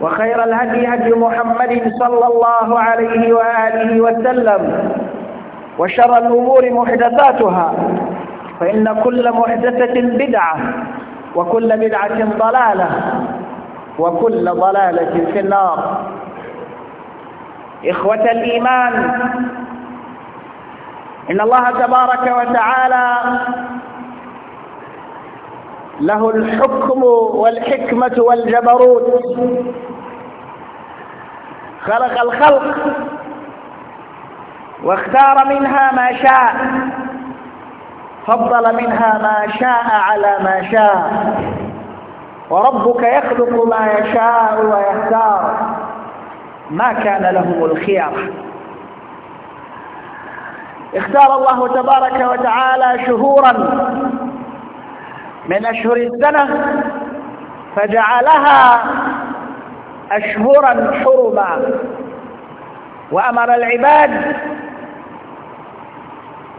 وخير الهدي هدي محمد صلى الله عليه وآله وسلم وشر الأمور محدثاتها فإن كل محدثة بدعة وكل بدعة ضلالة وكل ضلالة في النار إخوة الإيمان إن الله تبارك وتعالى له الحكم والحكمة والجبروت خلق الخلق واختار منها ما شاء فضل منها ما شاء على ما شاء وربك يخلق ما يشاء ويختار ما كان لهم الخيار اختار الله تبارك وتعالى شهورا من أشهر السنة فجعلها أشهرا حرما وأمر العباد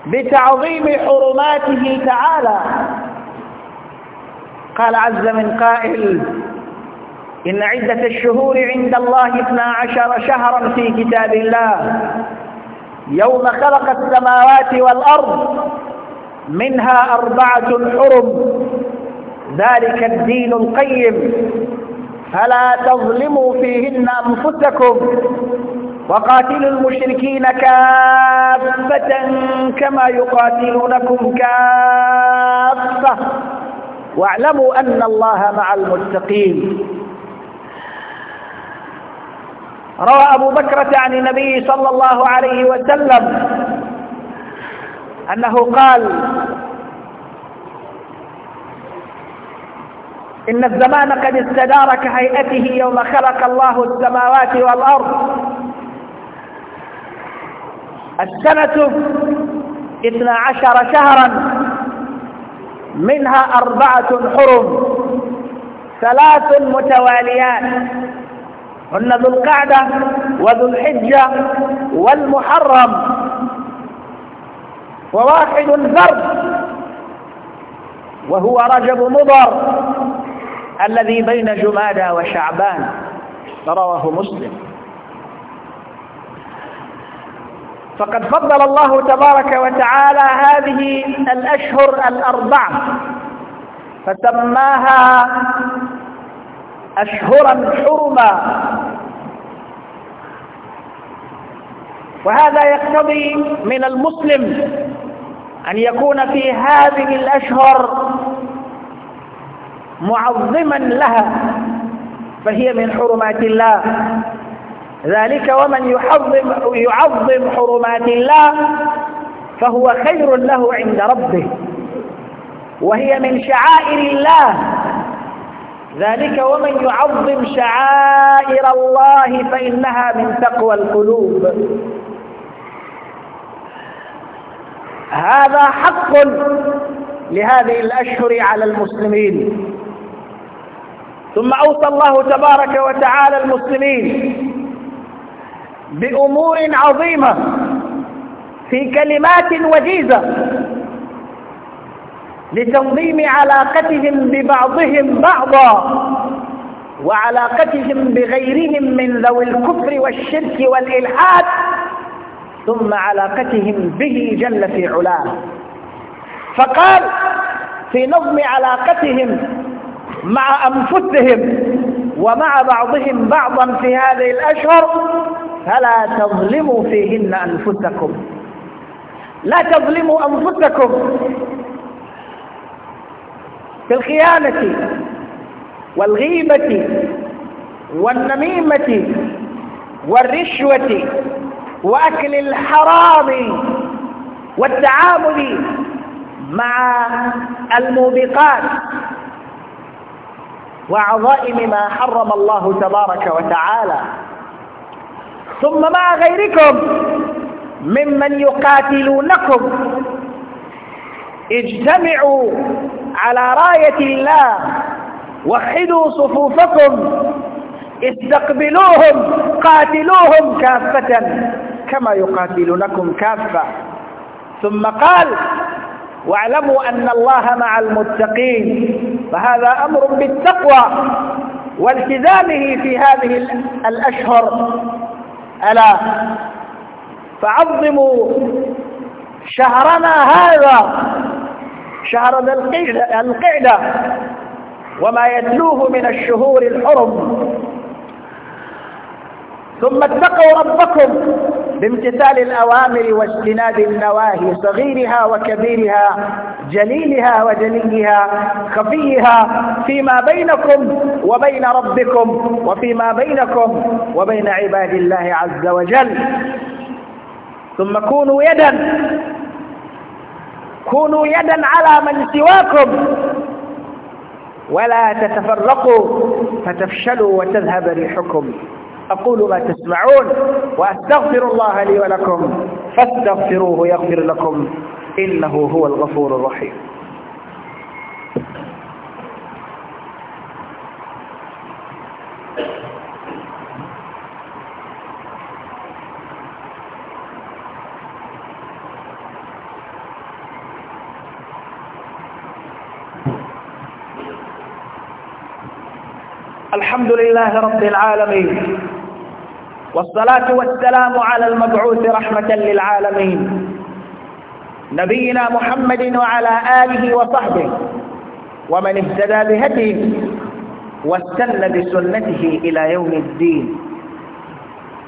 بتعظيم حرماته تعالى قال عز من قائل إن عدة الشهور عند الله اثنا عشر شهرا في كتاب الله يوم خلق السماوات والأرض منها أربعة حرم ذلك الدين القيم فلا تظلموا فيهن أنفسكم وقاتلوا المشركين كافة كما يقاتلونكم كافة واعلموا أن الله مع المتقين روى أبو بكرة عن النبي صلى الله عليه وسلم أنه قال إن الزمان قد استدار كهيئته يوم خلق الله السماوات والأرض السنة اثنا عشر شهرا منها أربعة حرم ثلاث متواليات هن ذو القعدة وذو الحجة والمحرم وواحد فرد وهو رجب مضر الذي بين جمادى وشعبان رواه مسلم فقد فضل الله تبارك وتعالى هذه الأشهر الأربعة فسماها أشهرا حرما وهذا يقتضي من المسلم أن يكون في هذه الأشهر معظما لها فهي من حرمات الله ذلك ومن يحظم يعظم حرمات الله فهو خير له عند ربه وهي من شعائر الله ذلك ومن يعظم شعائر الله فإنها من تقوى القلوب هذا حق لهذه الأشهر على المسلمين ثم أوصى الله تبارك وتعالى المسلمين بأمور عظيمة في كلمات وجيزة لتنظيم علاقتهم ببعضهم بعضا وعلاقتهم بغيرهم من ذوي الكفر والشرك والإلحاد ثم علاقتهم به جل في علاه فقال في نظم علاقتهم مع أنفسهم ومع بعضهم بعضا في هذه الأشهر فلا تظلموا فيهن أنفسكم لا تظلموا أنفسكم في الخيانة والغيبة والنميمة والرشوة وأكل الحرام والتعامل مع الموبقات وعظائم ما حرم الله تبارك وتعالى ثم مع غيركم ممن يقاتلونكم اجتمعوا على راية الله وحدوا صفوفكم استقبلوهم قاتلوهم كافة كما يقاتلونكم كافة ثم قال واعلموا أن الله مع المتقين فهذا أمر بالتقوى والتزامه في هذه الأشهر ألا فعظموا شهرنا هذا شهر القعدة وما يتلوه من الشهور الحرم ثم اتقوا ربكم بامتثال الأوامر واجتناب النواهي صغيرها وكبيرها جليلها وجليها خفيها فيما بينكم وبين ربكم وفيما بينكم وبين عباد الله عز وجل ثم كونوا يدا كونوا يدا على من سواكم ولا تتفرقوا فتفشلوا وتذهب ريحكم أقول ما تسمعون وأستغفر الله لي ولكم فاستغفروه يغفر لكم إنه هو الغفور الرحيم الحمد لله رب العالمين والصلاة والسلام على المبعوث رحمة للعالمين نبينا محمد وعلى آله وصحبه ومن اهتدى بهديه واستنى بسنته إلى يوم الدين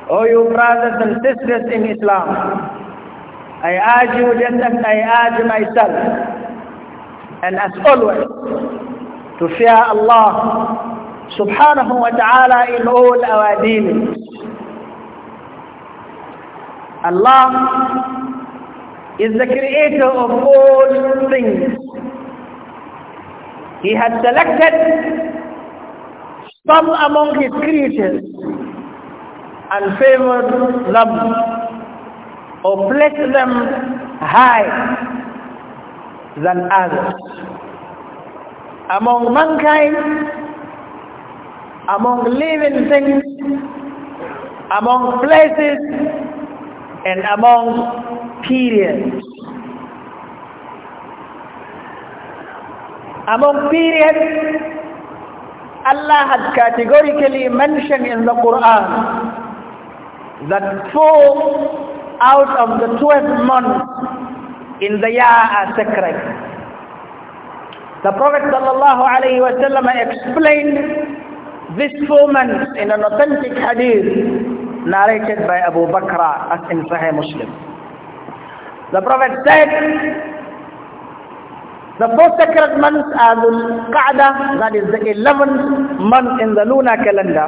Oh you brothers and sisters in Islam I urge you just as I urge myself and as always to fear Allah subhanahu wa ta'ala in all our dealings Allah is the creator of all things. He has selected some among his creatures and favored them or placed them high than others. Among mankind, among living things, among places, and among periods. Among periods, Allah had categorically mentioned in the Quran that four out of the 12 months in the year are sacred. The Prophet ﷺ explained this four months in an authentic hadith narrated by Abu Bakr as in Sahih Muslim. The Prophet said, the four sacred months are the Qa'dah, that is the 11th month in the lunar calendar.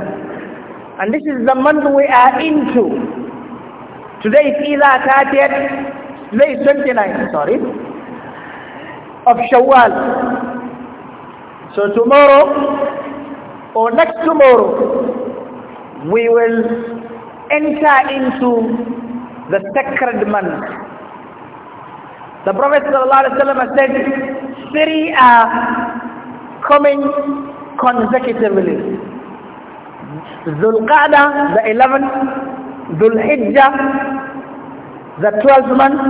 And this is the month we are into. Today is either 30th, today is 29th, sorry, of Shawwal. So tomorrow or next tomorrow, we will enter into the sacred month. The Prophet has said, three are coming consecutively. Dhul Qa'dah, the 11th, Dhul Hijjah, the 12th month,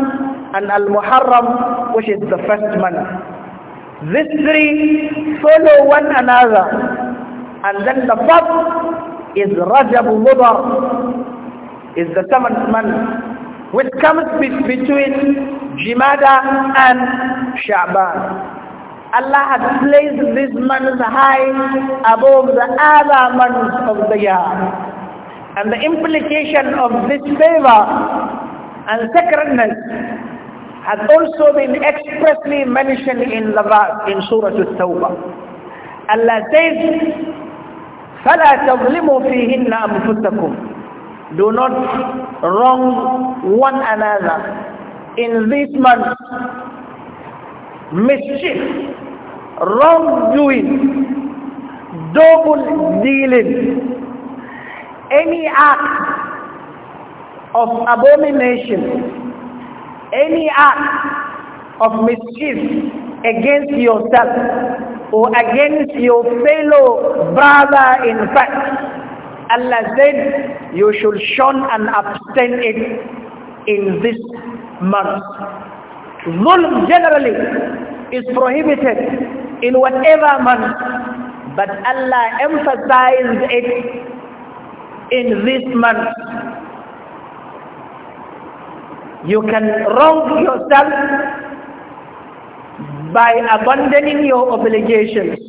and Al-Muharram, which is the first month. These three follow one another. And then the fourth is Rajab Mudar, is the seventh month, which comes be between Jimada and Sha'ban. Allah has placed this month high above the other months of the year. And the implication of this favor and sacredness has also been expressly mentioned in the verse in Surah Al-Tawbah. Allah says, فَلَا تَظْلِمُوا فِيهِنَّ أَنفُسَكُمْ do not wrong one another in this month mischief wrongdoing double dealing any act of abomination any act of mischief against yourself or against your fellow brother in fact Allah said, you should shun and abstain it in this month. Zulm generally is prohibited in whatever month, but Allah emphasized it in this month. You can wrong yourself by abandoning your obligations.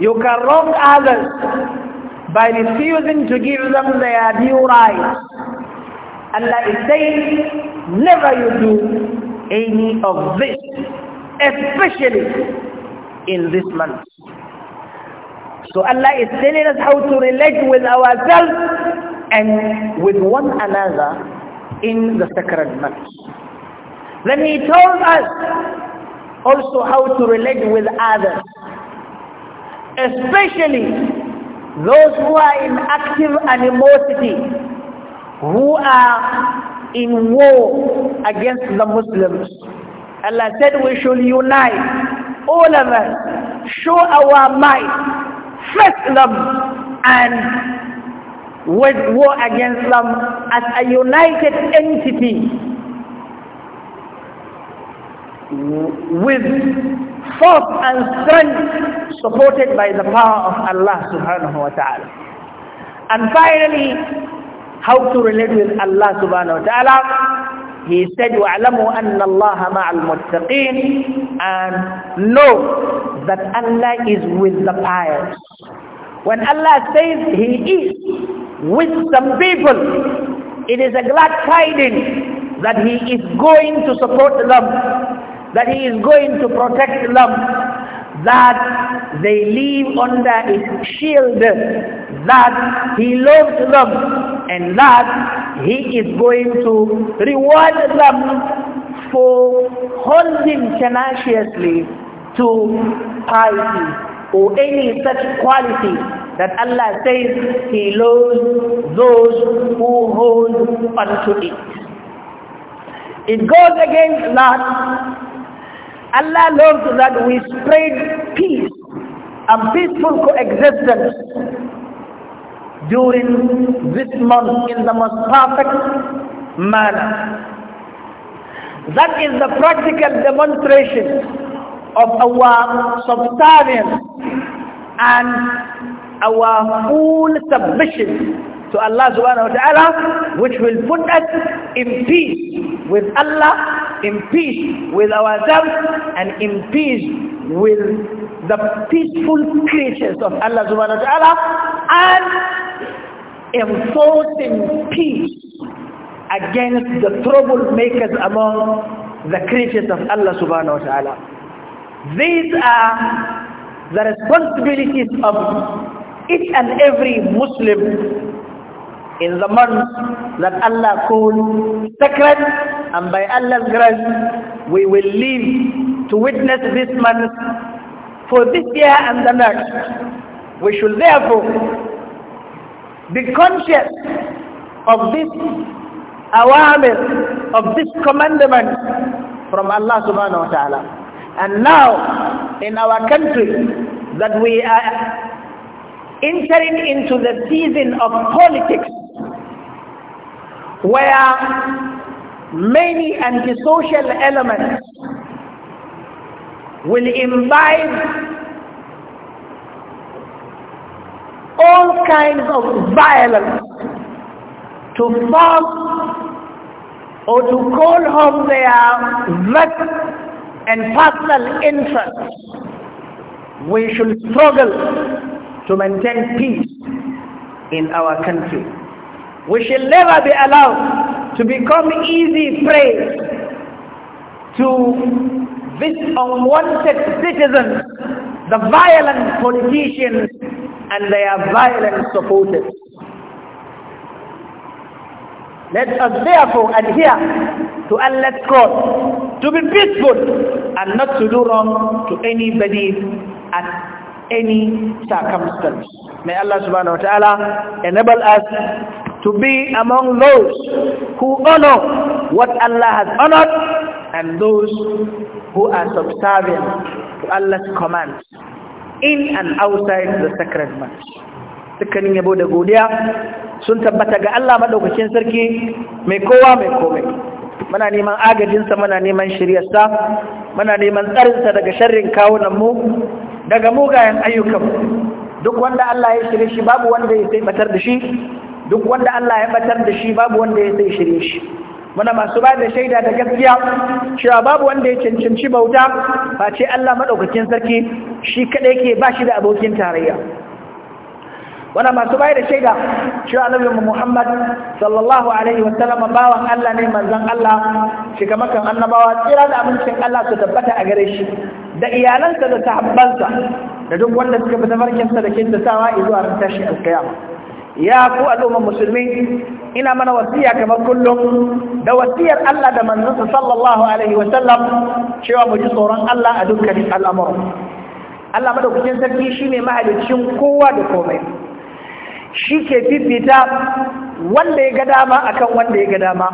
You can wrong others by refusing to give them their due rights. Allah is saying, never you do any of this, especially in this month. So Allah is telling us how to relate with ourselves and with one another in the sacred month. Then He told us also how to relate with others, especially those who are in active animosity, who are in war against the Muslims. Allah said we should unite, all of us, show our might, fight them and wage war against them as a united entity with force and strength supported by the power of Allah subhanahu wa ta'ala. And finally, how to relate with Allah subhanahu wa ta'ala. He said, وَعْلَمُوا أَنَّ اللَّهَ مَعَ الْمُتَّقِينَ And know that Allah is with the pious. When Allah says He is with some people, it is a glad tidings that He is going to support them that he is going to protect them, that they live under his shield, that he loves them, and that he is going to reward them for holding tenaciously to piety or any such quality that Allah says he loves those who hold unto it. It goes against that Allah loves that we spread peace and peaceful coexistence during this month in the most perfect manner. That is the practical demonstration of our subservience and our full submission to Allah subhanahu wa ta'ala which will put us in peace with Allah, in peace with ourselves and in peace with the peaceful creatures of Allah subhanahu wa ta'ala and enforcing peace against the troublemakers among the creatures of Allah subhanahu wa ta'ala. These are the responsibilities of each and every Muslim in the month that Allah calls sacred and by Allah's grace we will live to witness this month for this year and the next. We should therefore be conscious of this awamir, of this commandment from Allah subhanahu wa ta'ala. And now in our country that we are entering into the season of politics where many antisocial elements will imbibe all kinds of violence to form or to call home their vexed and personal interests. We should struggle to maintain peace in our country. We shall never be allowed to become easy prey to this unwanted citizens, the violent politicians and their violent supporters. Let us therefore adhere to Allah's call to be peaceful and not to do wrong to anybody at any circumstance. May Allah subhanahu wa ta'ala enable us to be among those who honor what Allah has honored and those who are subservient to Allah's commands in and outside the sacred mass. Dukkanin yabo da godiya sun tabbata ga Allah maɗaukacin sarki mai kowa mai komai. Muna neman agajinsa, muna neman shiryarsa, muna neman tsarinsa daga sharrin kawunanmu, daga mugayen ayyukanmu. Duk wanda Allah ya shirye shi babu wanda ya sai da shi, duk wanda Allah ya batar da shi babu wanda ya sai shirye shi muna masu ba da shaida da gaskiya cewa babu wanda ya cancanci bauta ba ce Allah maɗaukakin sarki shi kaɗai ke ba shi da abokin tarayya wana masu ba da shaida cewa annabi Muhammad sallallahu alaihi wa sallam bawan Allah ne manzon Allah shi kamar kan annabawa tsira da abincin Allah su tabbata a gare shi da iyalansa da sahabbansa da duk wanda suka farkin tafarkinsa da sawa zuwa ran tashi alkiyama ya ku al'umman musulmi ina mana wasiya kamar kullum da wasiyar Allah da manzansa sallallahu alaihi wa sallam cewa mu ji tsoron Allah a dukkanin al'amur Allah madaukakin sarki shine mahalicin kowa da komai shi ke fifita wanda ya ga dama akan wanda ya ga dama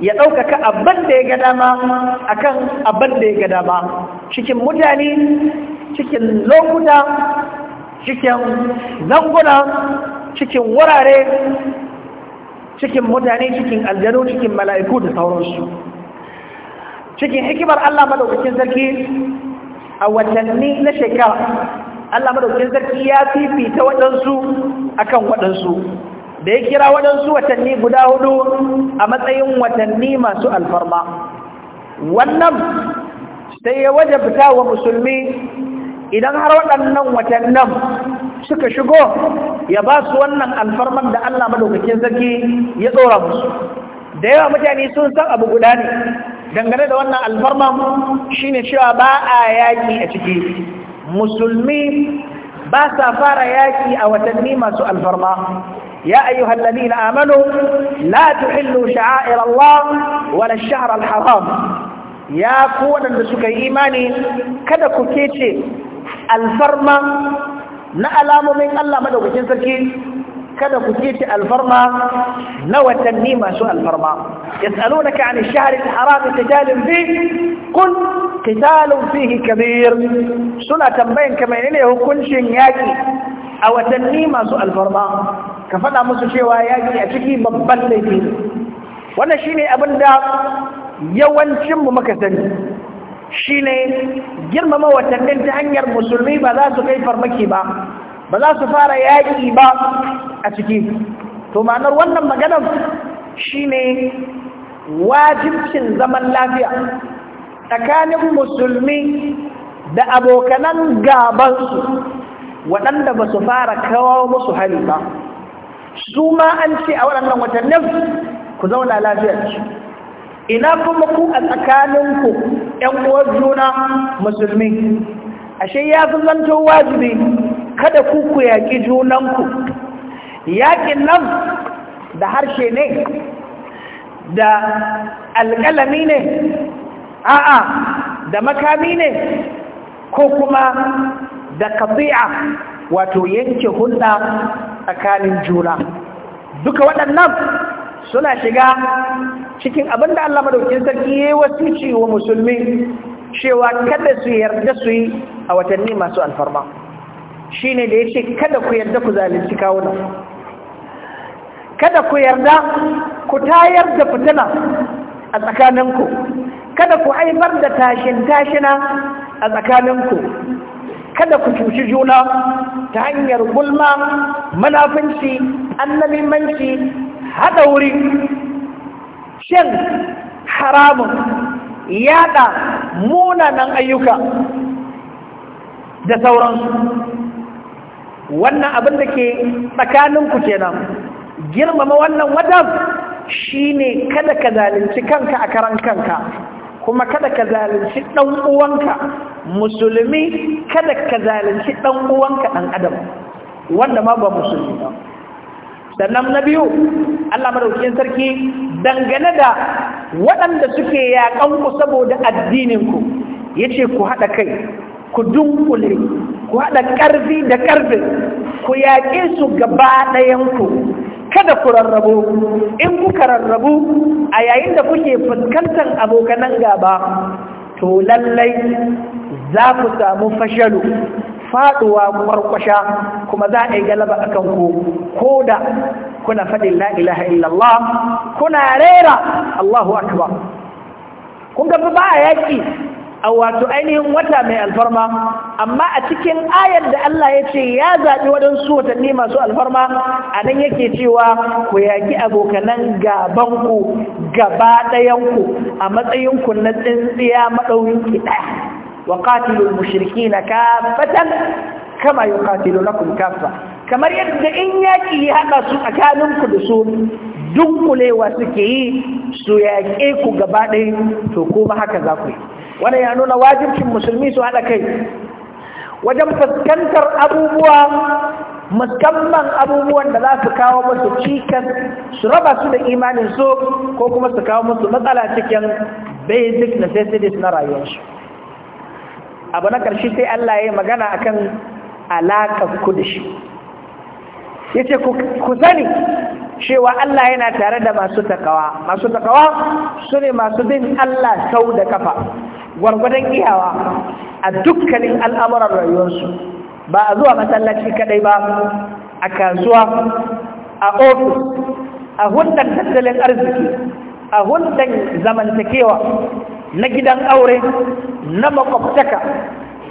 ya ɗaukaka abin da ya ga dama akan abin da ya ga dama cikin mutane cikin lokuta cikin zanguna cikin wurare cikin mutane cikin aljanu cikin mala'iku da sauransu cikin hikimar Allah maɗaukakin sarki a watanni na shekara Allah madaukakin sarki ya fifita waɗansu akan waɗansu da ya kira waɗansu watanni guda hudu a matsayin watanni masu alfarma wannan sai ya wajabta wa musulmi idan har waɗannan watannan suka shigo ya ba su wannan alfarman da Allah madaukakin sarki ya tsora musu da yawa mutane sun san abu guda ne dangane da wannan alfarman shine cewa ba a yaƙi a ciki musulmi ba sa fara yaƙi a watanni masu alfarma يا أيها الذين آمنوا لا تحلوا شعائر الله ولا الشهر الحرام يا كون da suka yi imani kada ku kece alfarma na alamomin Allah madaukakin sarki kada ku ce alfarma na watanni masu alfarma yas'alunaka 'an ash-shahr al-haram qitalun fihi kun qitalun fihi kabir suna tambayan kamar ne hukuncin yaki a watanni masu alfarma ka faɗa musu cewa yaki a ciki babban laifi wannan shine abin da yawancinmu muka sani ne girmama watannin ta hanyar musulmi ba za su kai farmaki ba ba za su fara yaƙi ba a ciki to ma'anar wannan maganar shine wajibcin zaman lafiya tsakanin musulmi da abokanan gabansu waɗanda ba su fara kawo musu hali ba su ma an ce a waɗannan watannin ku zauna lafiyar ina kuma ku a tsakaninku ‘yan uwar juna musulmi ashe ya fi zanto wajibi kada ku ku yaƙi junanku yaƙin nan da harshe ne da alƙalami ne a'a da makami ne ko kuma da kafi'a wato yanke hulɗa tsakanin juna duka waɗannan suna shiga cikin abin da Allah madaukin sarki ya yi wasici wa musulmi cewa kada su yarda su yi a watanni masu alfarma shi ne da yace kada ku yarda ku zalunci kawuna kada ku yarda ku tayar da fitina a tsakaninku kada ku haifar da tashin tashina a tsakaninku kada ku cuci juna ta hanyar gulma manafinci manci. haɗa wuri shan haramun yaɗa munanan ayyuka da sauransu wannan abin da ke tsakanin tsakaninku kenan girmama wannan wajen shine kada ka zalunci kanka a karan kanka kuma kada ka zalunci ɗan’uwanka musulmi kada ka zalunci ɗanuwanka uwanka wanda ma ba musulmi ba sannan na biyu Allah madaukakin sarki dangane da waɗanda suke yaƙan ku saboda addininku yace ku haɗa kai ku dunkule ku haɗa ƙarfi da ƙarfi ku yaƙe su gaba ɗayanku kada ku rarrabu in kuka rarrabu a yayin da kuke fuskantar abokanan gaba to lallai za ku samu fashalu faduwa kwarkwasha kuma za a yi galaba a kanku ko da kuna faɗin la'ilaha illallah kuna rera Allahu akbar kun ga ba a yaƙi a wato ainihin wata mai alfarma amma a cikin ayar da Allah ya ce ya zaɓi waɗansu watanni masu alfarma a nan yake cewa ku yaƙi abokanan gabanku gaba ɗayanku a matsayinku na tsintsiya maɗaurinki ɗaya وقاتلوا المشركين كافة كما na كافة kamar yadda in yaƙi ya haɗa su tsakaninku da su dunkulewa suke yi su yaƙe ku gaba ɗaya to kuma haka za ku yi wannan ya nuna wajibcin musulmi su haɗa kai wajen fuskantar abubuwa musamman abubuwan da za su kawo musu cikas su raba su da imanin su ko kuma su kawo musu matsala cikin basic necessities na rayuwarsu abu na ƙarshe sai Allah ya yi magana akan alaƙar ku da shi ya ce ku sani cewa Allah yana tare da masu takawa masu takawa su ne masu bin Allah sau da kafa gwargwadon iyawa a dukkanin al'amuran rayuwarsu ba a zuwa masallaci kaɗai ba a kasuwa a ofis a hundar tattalin arziki a hundar zamantakewa na gidan aure na makwabtaka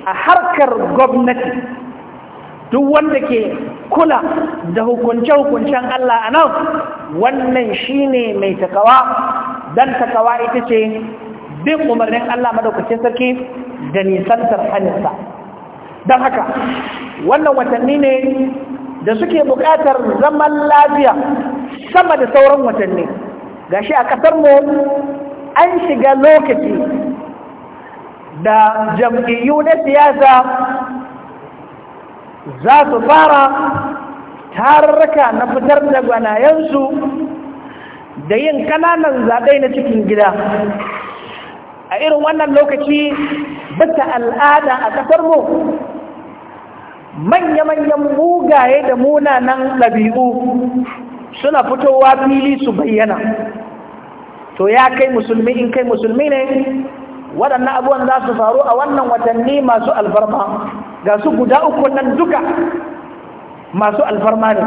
a harkar gwamnati duk wanda ke kula da hukunce-hukuncen Allah a nan wannan shi ne mai takawa don takawa ita ce bin umarnin Allah madaukacin sarki da nisantar hannunsa don haka wannan watanni ne da suke buƙatar zaman lafiya sama da sauran watanni ga shi a ƙasar mu. an shiga lokaci da jam'iyyu na siyasa za su fara tararraka na fitar da gwanayensu da yin kananan zaɓe na cikin gida a irin wannan lokaci bata al'ada a ƙasarmu manya-manyan mugaye da munanan ɗabi'u suna fitowa fili su bayyana to ya kai musulmi in kai musulmi ne waɗannan abubuwan za su faru a wannan watanni masu alfarma ga su guda uku nan duka masu alfarma ne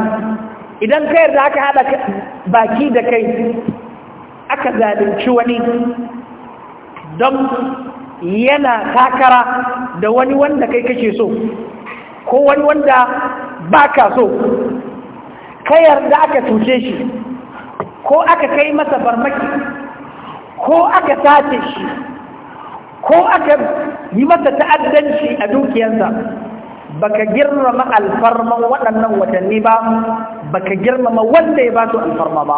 idan ka yarda aka haɗa baki da kai aka zalunci wani don yana takara da wani wanda kai kake so ko wani wanda baka so ka yarda aka cuce shi ko aka kai masa farmaki ko aka sace shi ko aka yi masa ta'addanci a dukiyarsa baka girmama alfarman waɗannan watanni ba baka girmama wanda ya ba su alfarma ba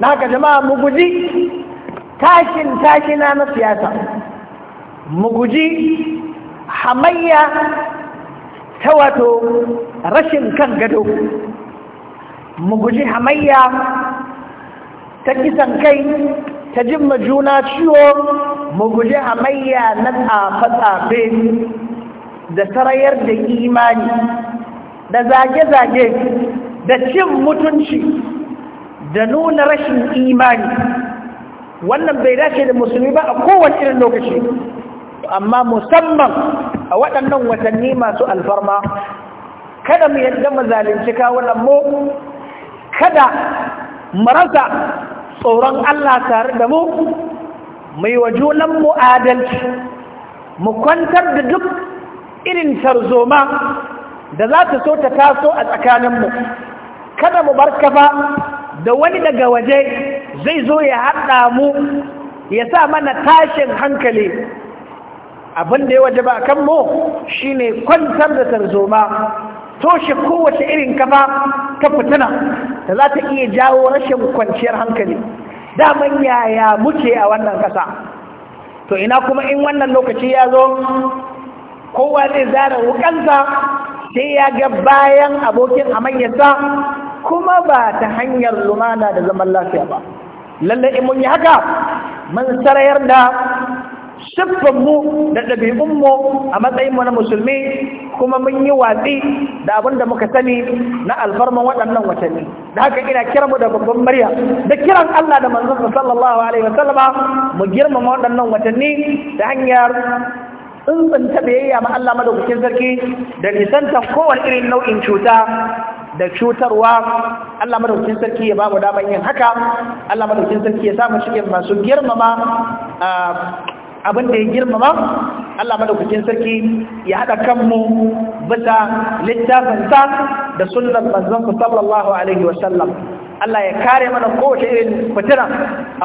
na haka jama'a mu guji tashin tashina na siyasa mu guji hamayya ta wato rashin kan gado mu guji hamayya ta kisan kai ta jimma juna ciwo mu guji hamayya na tsafe-tsafe da sarayar da imani da zage-zage da cin mutunci da nuna rashin imani wannan bai dace da musulmi ba a kowane irin lokaci amma musamman a waɗannan watanni masu alfarma kada mu yadda mu zalunci kawunan mu kada mu rasa tsoron Allah tare da mu mai wa junanmu adalci mu kwantar da duk irin tarzoma da za ta so ta taso a tsakaninmu kada mu bar kafa da wani daga waje zai zo ya haɗa mu ya sa mana tashin hankali abin da ya waje ba kan mu shine kwantar da tarzoma toshe kowace irin kafa ta fitina da za ta iya jawo rashin kwanciyar hankali daman yaya muke a wannan ƙasa to ina kuma in wannan lokaci ya zo kowa zai zara wukansa sai ya ga bayan abokin amanyarsa kuma ba ta hanyar lumana da zaman lafiya ba lalle in mun yi haka mun sarayar da siffanmu da ɗabi'unmu a matsayinmu na musulmi kuma mun yi watsi da abin da muka sani na alfarman waɗannan watanni da haka ina kira mu da babban murya da kiran Allah da manzon sallallahu alaihi wasallama mu girmama waɗannan watanni Da hanyar ta biyayya ma Allah madaukakin sarki da nisantar kowane irin nau'in cuta da cutarwa Allah madaukakin sarki ya ba mu daman yin haka Allah madaukakin sarki ya sa mu cikin masu girmama ah, abin da ya girmama Allah madaukakin sarki ya haɗa kanmu bisa littafinsa da sunan ku sallallahu alaihi wasallam Allah ya kare mana kowace irin fitina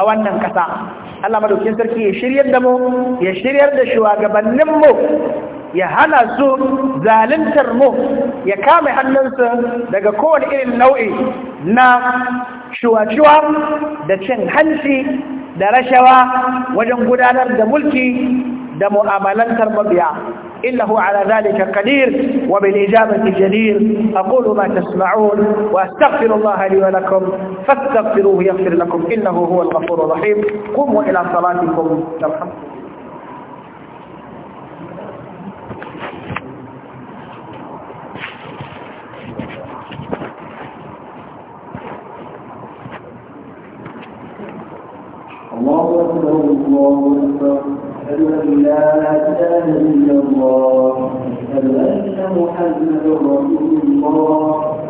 a wannan ƙasa Allah madaukakin sarki ya shiryar da mu ya shiryar da shugabanninmu ya hana su zaluntar mu ya kame hannunsu daga kowane irin nau'i na shuwa-shuwa da cin hanci da rashawa wajen gudanar da mulki da mu'amalantar mabiya إنه على ذلك قدير وبالإجابة جدير أقول ما تسمعون وأستغفر الله لي ولكم فاستغفروه يغفر لكم إنه هو الغفور الرحيم قوموا إلى صلاتكم ترحمكم الله أكبر الله أكبر أشهد أن لا إله إلا الله أشهد أن محمدا رسول الله